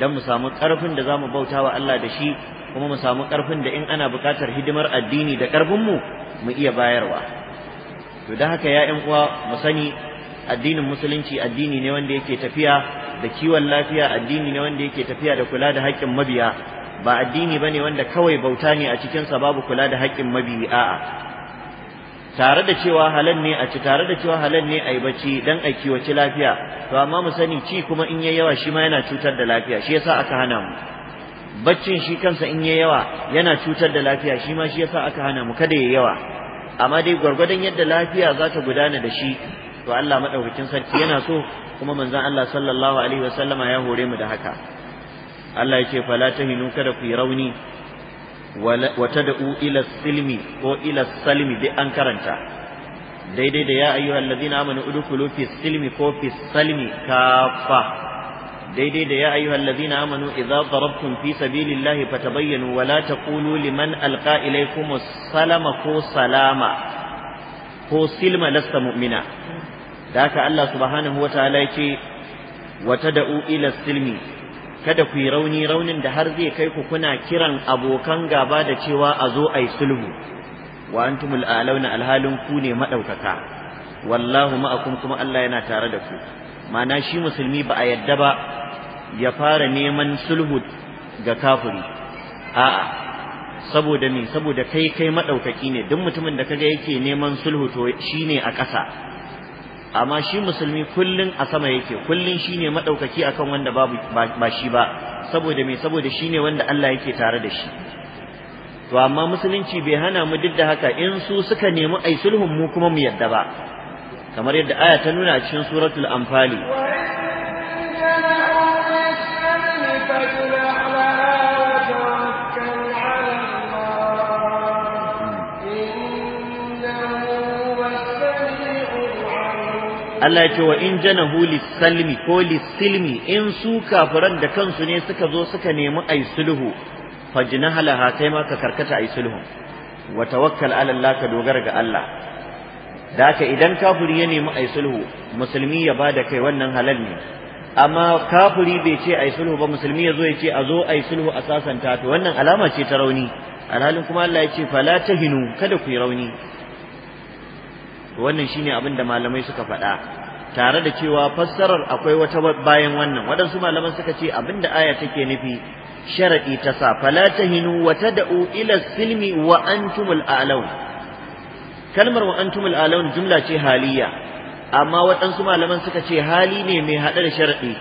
Speaker 2: dan mu samu karfin da zamu bauta wa Allah da shi kuma mu samu karfin da in ana buƙatar hidimar addini da karfin mu mu iya bayarwa to da haka ya uwa mu sani addinin musulunci addini ne wanda yake tafiya da kiwon lafiya addini ne wanda yake tafiya da kula da haƙƙin mabiya ba addini bane wanda kawai bauta ne a cikinsa babu kula da haƙƙin mabiya a'a tare da cewa halal ne a ci tare da cewa halal ne a yi bacci dan a kiwaci lafiya to amma mu sani ci kuma in yayi yawa shi ma yana cutar da lafiya shi yasa aka hana mu baccin shi kansa in yayi yawa yana cutar da lafiya shi ma shi yasa aka hana mu kada yayi yawa amma dai gwargwadon yadda lafiya za ta gudana da shi to Allah madaukakin sarki yana so kuma manzon Allah sallallahu alaihi wasallama ya hore mu da haka Allah ya ce fala tahinu kada ku yi rauni wa tad'u ila silmi ko ila salmi duk an karanta daidai da ya ayyuhal ladina amanu udkhulu fi silmi ko fi salmi kafa daidai da ya ayyuhal ladina amanu idza darabtum fi sabilillahi fatabayyanu wa la taqulu liman alqa ilaykum salama ko salama ko silma lasta mu'mina da haka Allah subhanahu wa ta'ala yake wa tad'u ila silmi kada ku yi rauni raunin da har zai kai ku kuna kiran abokan gaba da cewa a zo a yi sulhu wa antumul alauna alhalin ku ne madaukaka wallahu ma'akum kuma Allah yana tare da ku ma'ana shi musulmi ba a yadda ba ya fara neman sulhu ga kafiri a'a saboda me saboda kai kai madaukaki ne duk mutumin da kaga yake neman sulhu to shine a ƙasa amma shi musulmi kullun a sama yake kullun shine madaukaki akan wanda babu ba shi ba saboda me saboda shine wanda Allah yake tare da shi to amma musulunci bai hana mu duk da haka in su suka nemi ai sulhun mu kuma mu yadda ba kamar yadda aya ta nuna a cikin suratul anfali
Speaker 1: Allah ya ce wa in
Speaker 2: jana huli salmi ko silmi in su kafiran da kansu ne suka zo suka nemi ai sulhu halaha kai ma ka karkata ai sulhu wa tawakkal ala Allah ka dogara ga Allah da haka idan kafiri ya nemi ai sulhu musulmi ya bada kai wannan halal ne amma kafiri bai ce ai sulhu ba musulmi ya zo ya ce a zo ai sulhu a sasanta to wannan alama ce ta rauni alhalin kuma Allah ya ce fala tahinu kada ku yi rauni wannan shine abin da malamai suka faɗa tare da cewa fassarar akwai wata bayan wannan waɗansu malaman suka ce abin da aya take nufi sharadi ta sa fala tahinu wa tad'u ila silmi wa antumul a'laun kalmar wa antumul a'laun jumla ce haliya amma waɗansu malaman suka ce hali ne mai haɗe da sharadi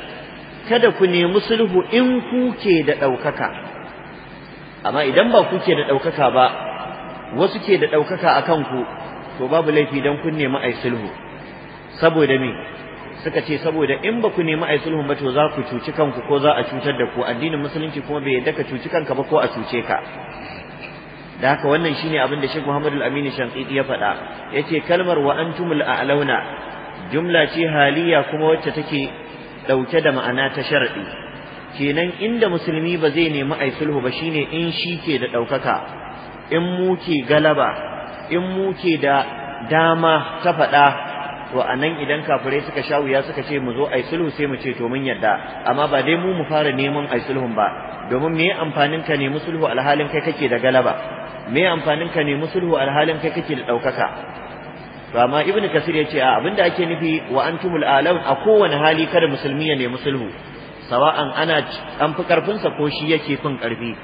Speaker 2: kada ku nemi sulhu in kuke da ɗaukaka amma idan ba kuke da ɗaukaka ba wasu ke da ɗaukaka a kanku to babu laifi dan kun nemi ai sulhu saboda me suka ce saboda in ba ku nemi ai sulhu ba to za ku cuci kanku ko za a cutar da ku addinin musulunci kuma bai yadda ka cuci kanka ba ko a cuce ka da haka wannan shine abin da Sheikh Muhammad Al-Amin Shanqiti ya faɗa yace kalmar wa antumul a'launa jumla ce haliya kuma wacce take dauke da ma'ana ta sharadi kenan inda musulmi ba zai nemi ai sulhu ba shine in shi ke da ɗaukaka in mu ke galaba in muke da dama ta faɗa to anan idan kafirai suka sha wuya suka ce mu zo ai sulhu sai mu ce to mun yarda amma ba dai mu mu fara neman ai sulhun ba domin me amfanin ka mu sulhu alhalin kai kake da galaba me amfanin ka mu sulhu alhalin kai kake da ɗaukaka to amma ibnu kasir ya ce a abinda ake nufi wa antumul alaun a kowane hali kada musulmi ya nemi sulhu sawa'an ana an fi karfinsa ko shi yake fin karfi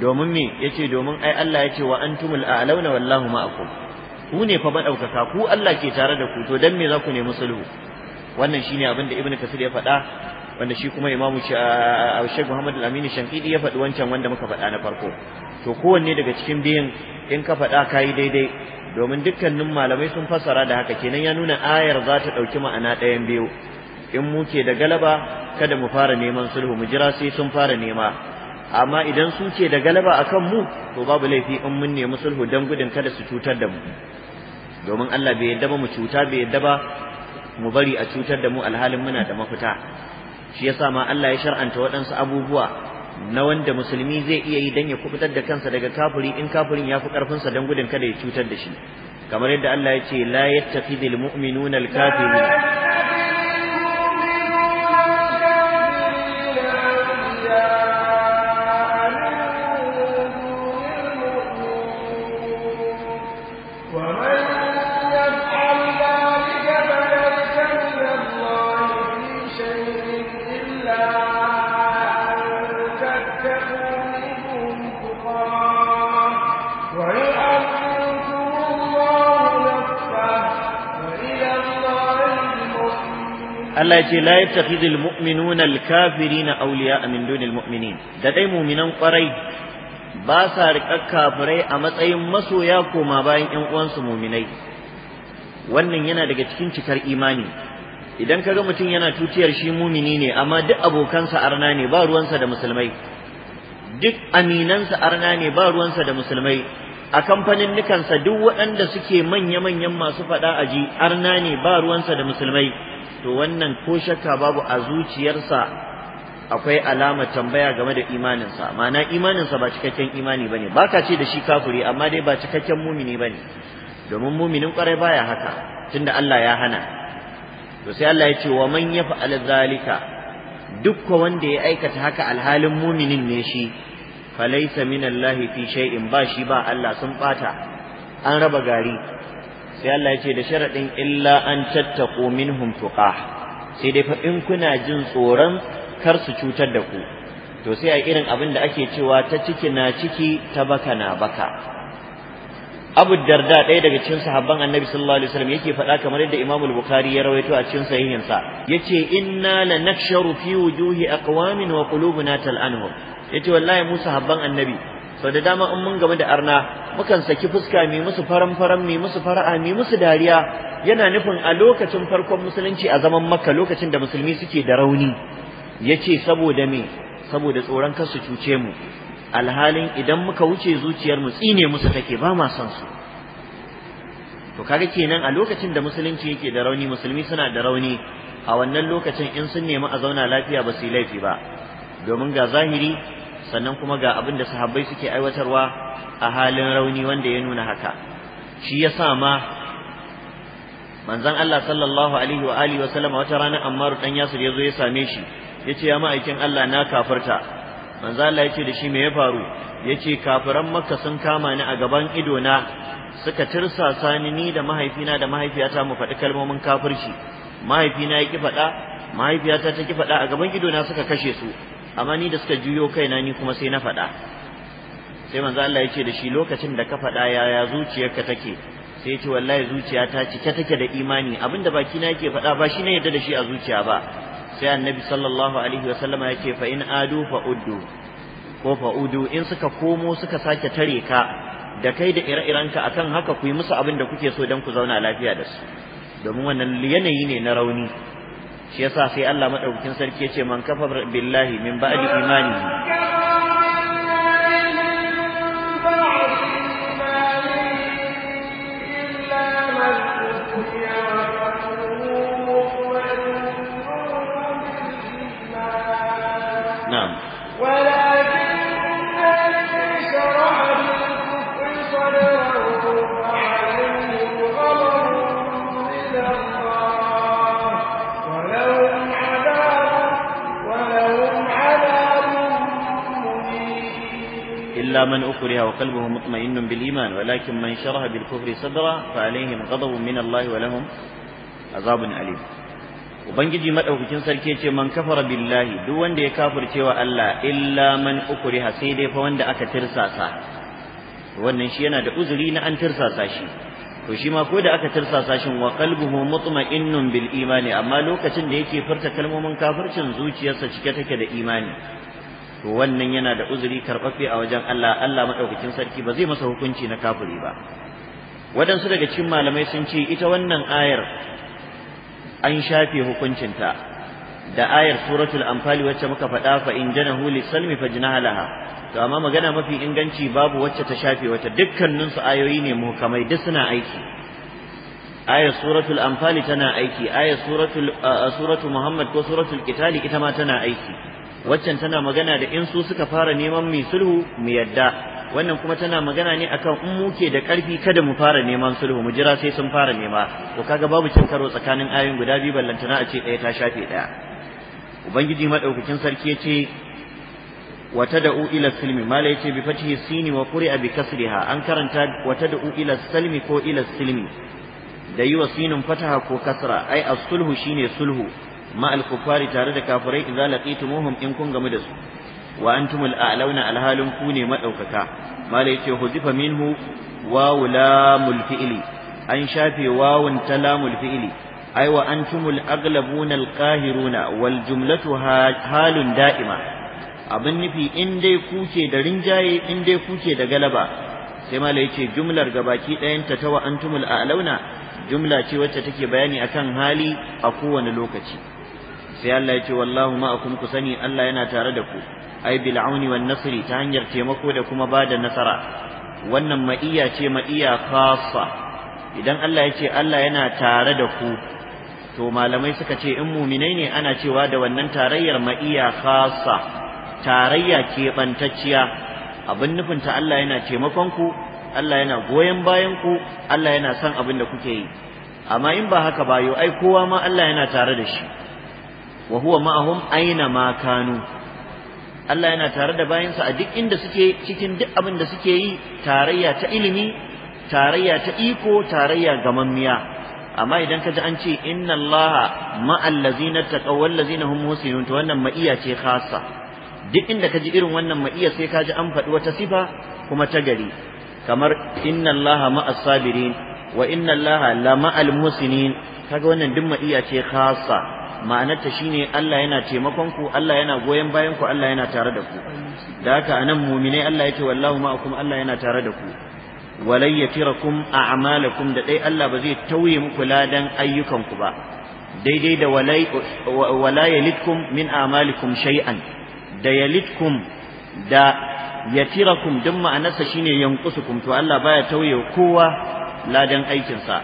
Speaker 2: domin me yace domin ai Allah yace wa antumul a'launa wallahu ma'akum ku ne fa madaukaka ku Allah ke tare da ku to dan me za ku nemi sulhu wannan shine abin da ibnu kasir ya faɗa wanda shi kuma imamu Sheikh Muhammad Al-Amin Shankidi ya faɗi wancan wanda muka faɗa na farko to kowanne daga cikin biyan in ka faɗa kayi daidai domin dukkanin malamai sun fassara da haka kenan ya nuna ayar za ta ɗauki ma'ana ɗayan biyu in muke da galaba kada mu fara neman sulhu mu jira sai sun fara nema amma idan su ce da galaba akan mu to babu laifi in mun nemi sulhu don gudun kada su cutar da mu domin Allah bai yadda ba mu cuta bai yadda ba mu bari a cutar da mu alhalin muna da mafita shi yasa ma Allah ya shar'anta waɗansu abubuwa na wanda musulmi zai iya yi dan ya kubutar da kansa daga kafuri in kafirin ya fi karfinsa don gudun kada ya cutar da shi kamar yadda Allah ya ce la yattaqidil mu'minuna al-kafirin
Speaker 1: Allah ya ce la yattakhidul
Speaker 2: mu'minuna al auliya a min dunil mu'minin da dai mu'minan kwarai ba sa kafirai a matsayin masoya koma bayan 'yan uwansu mu'minai wannan yana daga cikin cikar imani idan ka ga mutum yana tutiyar shi mumini ne amma duk abokansa arna ne ba ruwansa da musulmai duk aminansa arna ne ba ruwansa da musulmai a kamfanin nukansa duk waɗanda suke manya-manyan masu faɗa a aji arna ne ba ruwansa da musulmai to wannan ko shakka babu a zuciyarsa akwai alama tambaya game da imaninsa ma'ana imaninsa ba cikakken imani bane ba ka ce da shi kafuri amma dai ba cikakken mumini bane domin muminin kwarai baya haka tunda Allah ya hana to sai Allah ya ce wa man yaf'al zalika dukkan wanda ya aikata haka alhalin muminin ne shi falaysa minallahi fi shay'in ba shi ba Allah sun bata an raba gari sai Allah ya ce da sharaɗin illa an tattaqu minhum tuqah sai dai fa in kuna jin tsoron kar su cutar da ku to sai a irin abin da ake cewa ta ciki na ciki ta baka na baka Abu Darda ɗaya daga cikin sahabban Annabi sallallahu alaihi wasallam yake faɗa kamar yadda Imam Bukhari ya rawaito a cikin sahihin sa yace inna lanaksharu fi wujuhi aqwamin wa qulubuna tal'anhum yace wallahi mu sahabban Annabi sau da dama in mun game da arna mukan saki fuska mai musu faran-faran mai musu fara'a mai musu dariya yana nufin a lokacin farkon musulunci a zaman makka lokacin da musulmi suke da rauni yace saboda me saboda tsoron kar cuce mu alhalin idan muka wuce zuciyar mu tsine musu take ba ma son su to kaga kenan a lokacin da musulunci yake da rauni musulmi suna da rauni a wannan lokacin in sun nemi a zauna lafiya ba su yi laifi ba domin ga zahiri sannan kuma ga abin da sahabbai suke aiwatarwa a halin rauni wanda ya nuna haka shi yasa ma manzon Allah sallallahu alaihi wa alihi wa sallama wata rana Ammar dan Yasir yazo ya same shi yace ya ma'aikin Allah na kafirta manzon Allah yace da shi me ya faru yace kafiran Makka sun kama ni a gaban ido na suka tirsasa ni ni da mahaifina da mahaifiyata mu faɗi kalmomin kafirci mahaifina ya ki faɗa mahaifiyata ta ki faɗa a gaban ido na suka kashe su amma ni da suka juyo kaina ni kuma sai na faɗa sai manzo Allah ya ce da shi lokacin da ka faɗa ya zuciyarka take sai ya ce wallahi zuciyata cike take da imani abinda baki na yake faɗa ba shi ne yadda da shi a zuciya ba sai annabi sallallahu alaihi wa sallama ya fa in adu fa uddu ko fa udu in suka komo suka sake tare ka da kai da ire-irenka akan haka ku yi musu abin da kuke so don ku zauna lafiya da su domin wannan yanayi ne na rauni shi yasa sai Allah madaukakin sarki ya ce man kafa billahi min ba'di imani. إلا من أكره وقلبه مطمئن بالإيمان ولكن من شره بالكفر صدره فعليهم غضب من الله ولهم عذاب أليم وبنجي مرأو في تنصر من كفر بالله دوان دي كافر تيوى الله إلا من أكره سيدي فوان دا أكا ترساسا وان نشينا دا أزلينا أن ترساسا شي وشيما كودا أكا ترساسا شي وقلبه مطمئن بالإيمان أما لوكا تنديكي فرتك المؤمن كافر تنزوك يسا شكتك دا إيماني to wannan yana da uzuri karɓaɓɓe a wajen Allah Allah madaukakin sarki ba zai masa hukunci na kafiri ba waɗansu daga cikin malamai sun ce ita wannan ayar an shafe hukuncinta da ayar suratul anfal wacce muka faɗa fa in janahu lisalmi fajnaha laha to amma magana mafi inganci babu wacce ta shafe wata dukkanin su ayoyi ne muhkamai duk suna aiki ayar suratul anfal tana aiki ayar suratul uh, suratu muhammad ko suratul qitali ita ma tana aiki waccan tana magana da in su suka fara neman mai sulhu mu yadda wannan kuma tana magana ne akan in muke da karfi kada mu fara neman sulhu mu jira sai sun fara nema to kaga babu cin karo tsakanin ayoyin guda biyu ballantana a ce ɗaya ta shafe ɗaya ubangiji madaukakin sarki ya ce وتدعو إلى السلم bi ليت an karanta wata da أنكر أنت وتدعو ko السلم كو da السلم sinin fataha ko kasra ai as sulhu shine sulhu. ma al-kuffari tare da kafirai idza laqitumuhum in kun gamu da su wa antumul a'launa alhalun ku ne madaukaka mala yace hudifa minhu wawu lamul fi'li an shafe wawun ta lamul fi'li ai wa antumul aglabuna alqahiruna wal jumlatu halun da'ima abin nufi in dai kuke da rinjaye in dai kuke da galaba sai mala yace jumlar gabaki ɗayanta ta wa antumul a'launa jumla ce wacce take bayani a kan hali a kowane lokaci sai Allah ya ce wallahu ma'akum ku sani Allah yana tare da ku ai bil auni wan nasri ta hanyar taimako da kuma bada nasara wannan ma'iya ce ma'iya khassa idan Allah ya ce Allah yana tare da ku to malamai suka ce in muminai ne ana cewa da wannan tarayyar ma'iya khassa tarayya keɓantacciya abin nufin ta Allah yana taimakon ku Allah yana goyon bayan ku Allah yana son abin da kuke yi amma in ba haka ba yo ai kowa ma Allah yana tare da shi wa huwa ma'ahum aina ma kanu Allah yana tare da bayansa a duk inda suke cikin duk abin da suke yi tarayya ta ilimi tarayya ta iko tarayya ga gamammiya amma idan ka ji an ce inna allaha ma'al ladzina taqaw wal ladzina hum muhsinun to wannan ma'iya ce khassa duk inda ka ji irin wannan ma'iya sai ka ji an faɗi wata sifa kuma ta gari kamar inna allaha ma'as sabirin wa inna allaha la ma'al muhsinin kaga wannan duk ma'iya ce khassa ma'anarta shine Allah yana taimakon ku Allah yana goyon bayan ku Allah yana tare da ku da haka anan mu'minai Allah yake wallahu ma'akum Allah yana tare da ku walai yatirakum a'malakum da dai Allah ba zai tauye muku ladan ayyukanku ba daidai da walai wala yalitkum min a'malikum shay'an da yalitkum da yatirakum duk ma'anarsa shine yanqusukum to Allah baya tauye kowa ladan aikinsa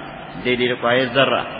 Speaker 2: daidai da kwayar zarra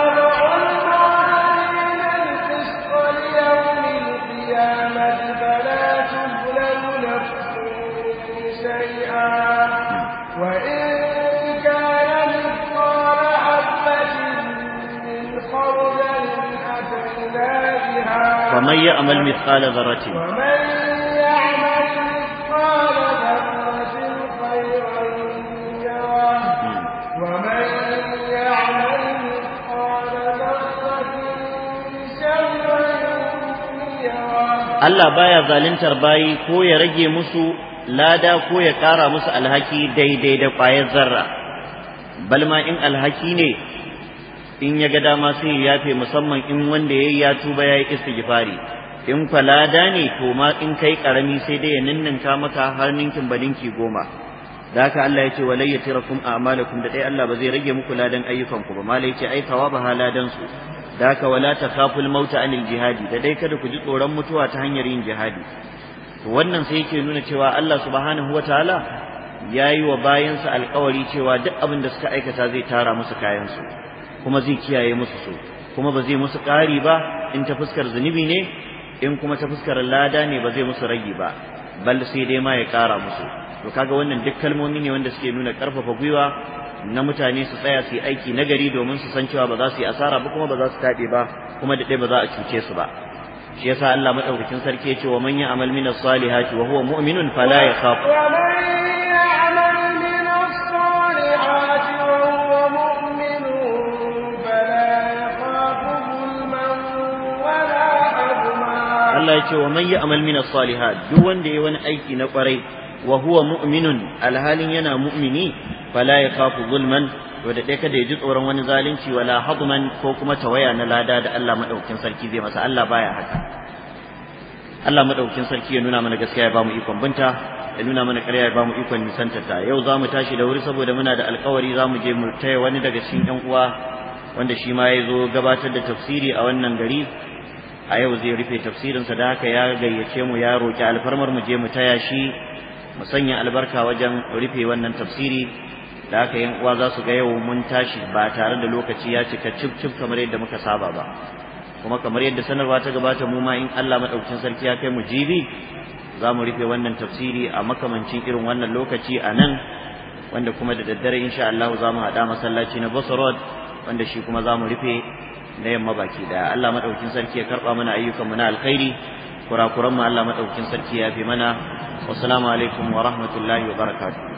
Speaker 2: ومن يعمل مثقال ذرة Allah baya zaluntar bayi ko ya rage musu lada ko ya ƙara musu alhaki daidai da ƙwayar zarra, balma in alhaki ne in ya ga dama sun yi yafe musamman in wanda ya yi ya tuba ya yi istighfari in falada ne to ma in kai karami sai dai ya ninninka maka har ninkin balinki goma da haka Allah yace wala a'malakum da dai Allah ba zai rage muku ladan ayyukanku ba malai ce ai tawaba haladan su da haka wala takhaful mauta anil jihadi da dai kada ku ji tsoron mutuwa ta hanyar yin jihadi to wannan sai yake nuna cewa Allah subhanahu wataala yayi wa bayansa alƙawari cewa duk abin da suka aikata zai tara musu kayansu kuma zai kiyaye musu su kuma ba zai musu ƙari ba in ta fuskar zunubi ne in kuma ta fuskar lada ne ba zai musu ragi ba bal sai dai ma ya kara musu to kaga wannan duk kalmomi ne wanda suke nuna karfafa gwiwa na mutane su tsaya su yi aiki nagari domin su san cewa ba za su yi asara ba kuma ba za su taɓe ba kuma da ɗaya ba za a cuce su ba shi yasa Allah madaukakin sarki ya ce wa man ya'mal minas salihati wa huwa mu'minun fala yakhaf ta'ala ya ce wa man ya'mal min as-salihat duk wanda yayi wani aiki na kwarai wa huwa mu'minun alhalin yana mu'mini fala yakhafu zulman to da kada ya ji tsoron wani zalunci wala hadman ko kuma tawaya na lada da Allah madaukin sarki zai masa Allah baya haka Allah madaukin sarki ya nuna mana gaskiya ya bamu ikon binta ya nuna mana ƙarya ya bamu ikon nisantarta ta yau zamu tashi da wuri saboda muna da alƙawari zamu je mu taya wani daga cikin ƴan uwa wanda shi ma ya zo gabatar da tafsiri a wannan gari a yau zai rufe tafsirinsa da haka ya gayyace mu ya roki alfarmar mu je mu taya shi mu sanya albarka wajen rufe wannan tafsiri da haka yan uwa za su ga yau mun tashi ba tare da lokaci ya cika cif cif kamar yadda muka saba ba kuma kamar yadda sanarwa ta gabata mu ma in Allah madaukakin sarki ya kai mu jibi za mu rufe wannan tafsiri a makamancin irin wannan lokaci a nan wanda kuma da daddare insha Allah za mu haɗa masallaci na Basra wanda shi kuma za mu rufe na yamma baki daya Allah madaukakin sarki ya karba mana ayyukan mu na alkhairi kurakuran mu Allah maɗaukin sarki ya fi mana wassalamu alaikum wa rahmatullahi wa barakatuh